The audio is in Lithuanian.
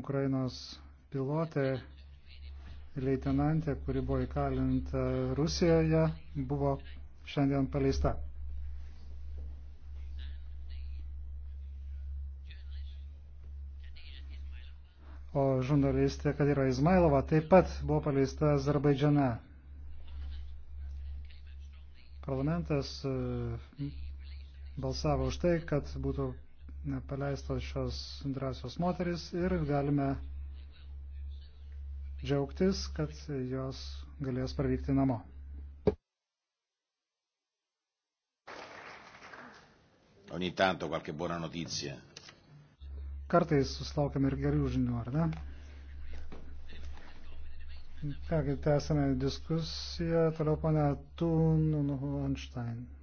Ukrainos pilotė leitenantė, kuri buvo įkalinta Rusijoje, buvo šiandien paleista. O žurnalistė Kadira Izmailova taip pat buvo paleista Azerbaidžiane. Parlamentas e, balsavo už tai, kad būtų paleistos šios drąsios moteris ir galime džiaugtis, kad jos galės parvykti namo. Ogni tanto qualche buona notizia. Kartais susilaukiam ir gerų žinių, ar ne? Kągi, tęsame diskusiją. Toliau ponia Thun Hunstein.